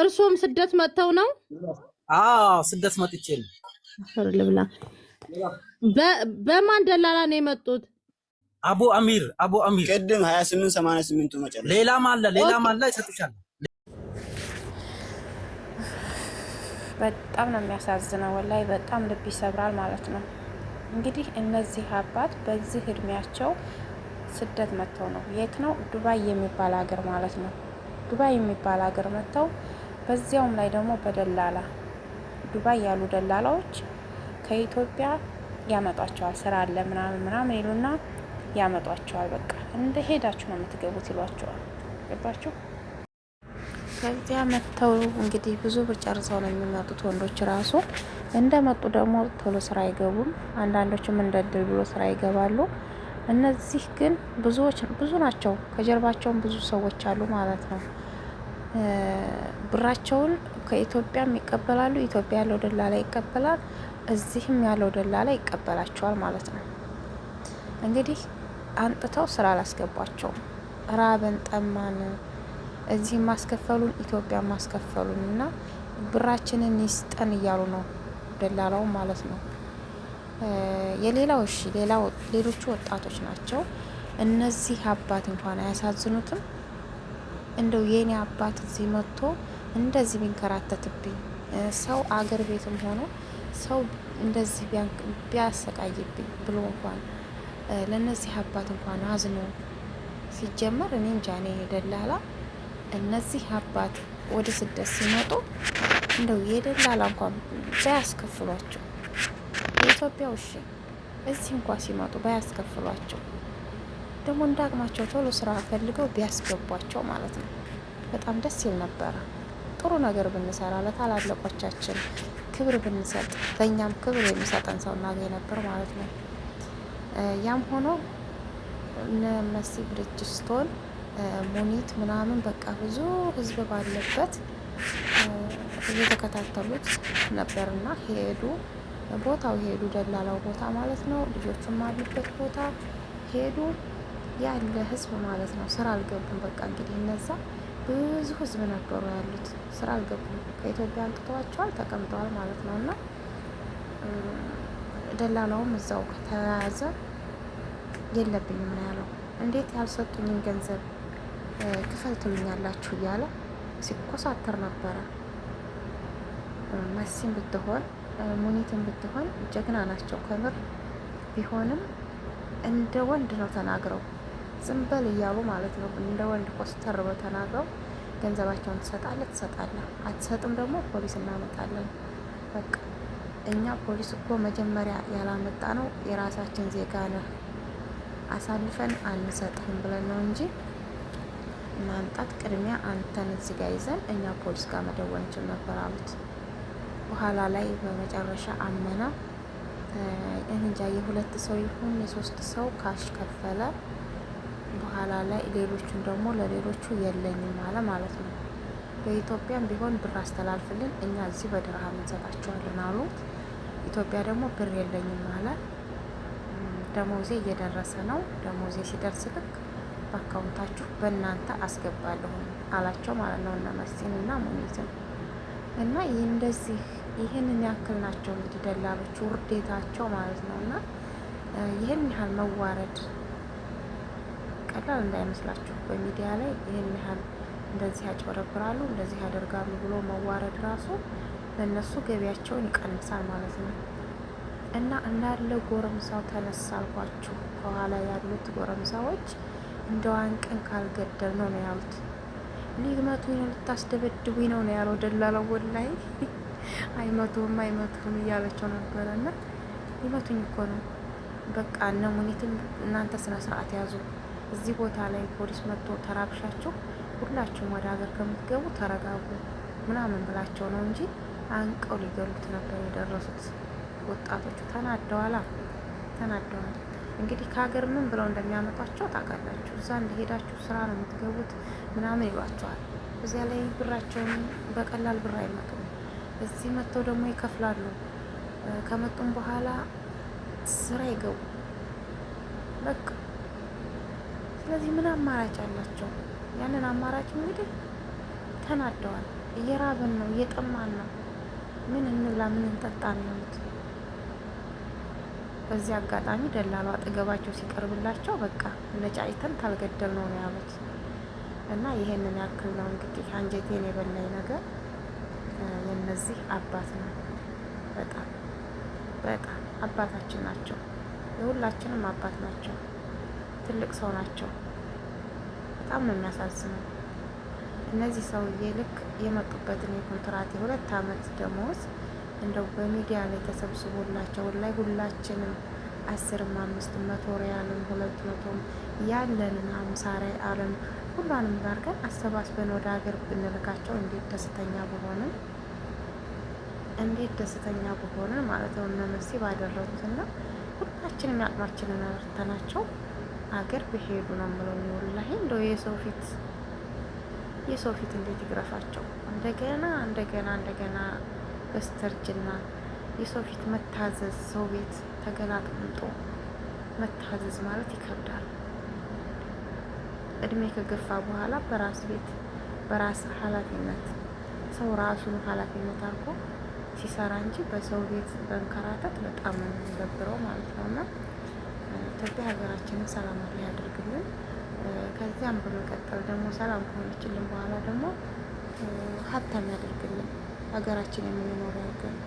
እርሶም ስደት መጥተው ነው? አዎ ስደት መጥቼ ነው። ብላ በማን ደላላ ነው የመጡት? አቡ አሚር አቡ አሚር ቅድም 28 88 መጨረሻ። ሌላም አለ ሌላም አለ ይሰጥሻል። በጣም ነው የሚያሳዝነው፣ ወላይ በጣም ልብ ይሰብራል ማለት ነው። እንግዲህ እነዚህ አባት በዚህ እድሜያቸው ስደት መጥተው ነው። የት ነው? ዱባይ የሚባል ሀገር ማለት ነው። ዱባይ የሚባል ሀገር መጥተው በዚያውም ላይ ደግሞ በደላላ ዱባይ ያሉ ደላላዎች ከኢትዮጵያ ያመጧቸዋል። ስራ አለ ምናምን ምናምን ይሉና ያመጧቸዋል። በቃ እንደ ሄዳችሁ ነው የምትገቡት ይሏቸዋል። ገባችሁ? ከዚያ መጥተው እንግዲህ ብዙ ጨርሰው ነው የሚመጡት ወንዶች ራሱ። እንደ መጡ ደግሞ ቶሎ ስራ አይገቡም። አንዳንዶችም እንደ ድል ብሎ ስራ ይገባሉ። እነዚህ ግን ብዙዎች ብዙ ናቸው። ከጀርባቸውም ብዙ ሰዎች አሉ ማለት ነው። ብራቸውን ከኢትዮጵያም ይቀበላሉ። ኢትዮጵያ ያለው ደላላ ይቀበላል፣ እዚህም ያለው ደላላ ይቀበላቸዋል ማለት ነው። እንግዲህ አንጥተው ስራ አላስገባቸውም ራብን ጠማን፣ እዚህም ማስከፈሉን ኢትዮጵያ ማስከፈሉን እና ብራችንን ይስጠን እያሉ ነው ደላላው ማለት ነው። የሌላው እሺ ሌሎቹ ወጣቶች ናቸው። እነዚህ አባት እንኳን አያሳዝኑትም። እንደው የኔ አባት እዚህ መጥቶ እንደዚህ ቢንከራተትብኝ ሰው አገር ቤትም ሆኖ ሰው እንደዚህ ቢያሰቃይብኝ ብሎ እንኳን ለእነዚህ አባት እንኳን አዝኖ ሲጀመር እኔ እንጃ እኔ ደላላ እነዚህ አባት ወደ ስደት ሲመጡ እንደው የደላላ እንኳን ባያስከፍሏቸው የኢትዮጵያ ውሽ እዚህ እንኳ ሲመጡ ባያስከፍሏቸው ደግሞ እንደ አቅማቸው ቶሎ ስራ ፈልገው ቢያስገቧቸው ማለት ነው በጣም ደስ ይል ነበረ። ጥሩ ነገር ብንሰራ ለታላላቆቻችን ክብር ብንሰጥ ለእኛም ክብር የሚሰጠን ሰው እናገኝ ነበር ማለት ነው። ያም ሆኖ እነ መሲ ብሪጅስቶን ሙኒት ምናምን በቃ ብዙ ህዝብ ባለበት እየተከታተሉት ነበርና ሄዱ። ቦታው ሄዱ፣ ደላላው ቦታ ማለት ነው። ልጆቹም አሉበት ቦታ ሄዱ። ያለ ህዝብ ማለት ነው። ስራ አልገቡም። በቃ እንግዲህ እነዛ ብዙ ህዝብ ነበሩ ያሉት ስራ አልገቡም። ከኢትዮጵያ አንጥተዋቸዋል ተቀምጠዋል ማለት ነው። እና ደላላውም እዛው ከተያዘ የለብኝም ነው ያለው። እንዴት ያልሰጡኝን ገንዘብ ክፈል ትሉኛላችሁ እያለ ሲኮሳተር ነበረ። መሲም ብትሆን ሙኒትም ብትሆን ጀግና ናቸው ከምር ቢሆንም እንደ ወንድ ነው ተናግረው ዝም በል እያሉ ማለት ነው። እንደ ወንድ ኮስተር ተናግረው ገንዘባቸውን ትሰጣለህ ትሰጣለህ፣ አትሰጥም ደግሞ ፖሊስ እናመጣለን። በቃ እኛ ፖሊስ እኮ መጀመሪያ ያላመጣ ነው የራሳችን ዜጋ ነህ አሳልፈን አንሰጥህም ብለን ነው እንጂ ማምጣት ቅድሚያ አንተን እዚህ ይዘን እኛ ፖሊስ ጋር መደወል እንችል ነበር አሉት። በኋላ ላይ በመጨረሻ አመና እንጃ የሁለት ሰው ይሁን የሶስት ሰው ካሽ ከፈለ። በኋላ ላይ ሌሎቹን ደግሞ ለሌሎቹ የለኝም አለ ማለት ነው። በኢትዮጵያም ቢሆን ብር አስተላልፍልን እኛ እዚህ በድርሃም እንሰጣቸዋለን አሉ። ኢትዮጵያ ደግሞ ብር የለኝም አለ። ደሞዜ እየደረሰ ነው፣ ደሞዜ ሲደርስ ልክ በአካውንታችሁ በእናንተ አስገባለሁ አላቸው ማለት ነው። እነ መሲን እና ሙኒትን እና ይህ እንደዚህ ይህንን ያክል ናቸው እንግዲህ ደላሎች ውርዴታቸው ማለት ነው እና ይህን ያህል መዋረድ ቀላል እንዳይመስላችሁ። በሚዲያ ላይ ይህን ያህል እንደዚህ ያጭበረብራሉ፣ እንደዚህ ያደርጋሉ ብሎ መዋረድ ራሱ ለእነሱ ገቢያቸውን ይቀንሳል ማለት ነው። እና እንዳለ ጎረምሳው ተነሳ አልኳችሁ። ከኋላ ያሉት ጎረምሳዎች እንደ ዋንቅን ካልገደል ነው ነው ያሉት። ሊመቱ ነው ልታስደበድቡ ነው ነው ያለው ደላለው። ወላሂ አይመቱም አይመቱም እያለቸው ነበረ። እና ሊመቱኝ እኮ ነው በቃ እነ ሙኒትም እናንተ ስነ ስርዓት ያዙ እዚህ ቦታ ላይ ፖሊስ መጥቶ ተራብሻችሁ ሁላችሁም ወደ ሀገር ከምትገቡ ተረጋጉ ምናምን ብላቸው ነው እንጂ አንቀው ሊገሉት ነበር የደረሱት። ወጣቶቹ ተናደዋላ ተናደዋል። እንግዲህ ከሀገር ምን ብለው እንደሚያመጧቸው ታውቃላችሁ። እዛ እንደሄዳችሁ ስራ ነው የምትገቡት ምናምን ይሏቸዋል። እዚያ ላይ ብራቸውን በቀላል ብር አይመጡም። እዚህ መጥተው ደግሞ ይከፍላሉ። ከመጡም በኋላ ስራ ይገቡ በቃ ስለዚህ ምን አማራጭ አላቸው? ያንን አማራጭ እንግዲህ ተናደዋል። እየራብን ነው፣ እየጠማን ነው፣ ምን እንብላ፣ ምን እንጠጣ የሚሉት በዚህ አጋጣሚ ደላሉ አጠገባቸው ሲቀርብላቸው በቃ ነጫጭተን ታልገደል ነው ነው ያሉት። እና ይሄንን ያክል ነው እንግዲህ አንጀቴን የበላኝ ነገር የነዚህ አባት ነው። በጣም በጣም አባታችን ናቸው፣ የሁላችንም አባት ናቸው። ትልቅ ሰው ናቸው። በጣም ነው የሚያሳዝነው። እነዚህ ሰውዬ ልክ የመጡበትን የኮንትራት የሁለት አመት ደሞዝ እንደው በሚዲያ ላይ ተሰብስቦላቸው ላይ ሁላችንም አስርም አምስት መቶ ሪያልም ሁለት መቶም ያለንን አምሳሪ አለም ሁሏንም ጋር ግን አሰባስበን ወደ ሀገር ብንልካቸው እንዴት ደስተኛ በሆንን እንዴት ደስተኛ በሆንን ማለት ነው። እነ መሲ ባደረጉትና ሁላችንም ያቅማችንን ረድተናቸው አገር በሄዱ ነው ምለው ወላሂ እንደው የሰው ፊት የሰው ፊት እንዴት ይግረፋቸው? እንደገና እንደገና እንደገና በስተርጅና የሰው ፊት መታዘዝ፣ ሰው ቤት ተገላጥምጦ መታዘዝ ማለት ይከብዳል። እድሜ ከገፋ በኋላ በራስ ቤት በራስ ኃላፊነት ሰው ራሱን ኃላፊነት አድርጎ ሲሰራ እንጂ በሰው ቤት መንከራተት በጣም ነው የሚደብረው ማለት ነውና ኢትዮጵያ ሀገራችንን ሰላም ላይ ያደርግልን። ከዚያም በመቀጠል ደግሞ ሰላም ከሆነችልን በኋላ ደግሞ ሀብታም ያደርግልን ሀገራችን የምንኖረው ያገር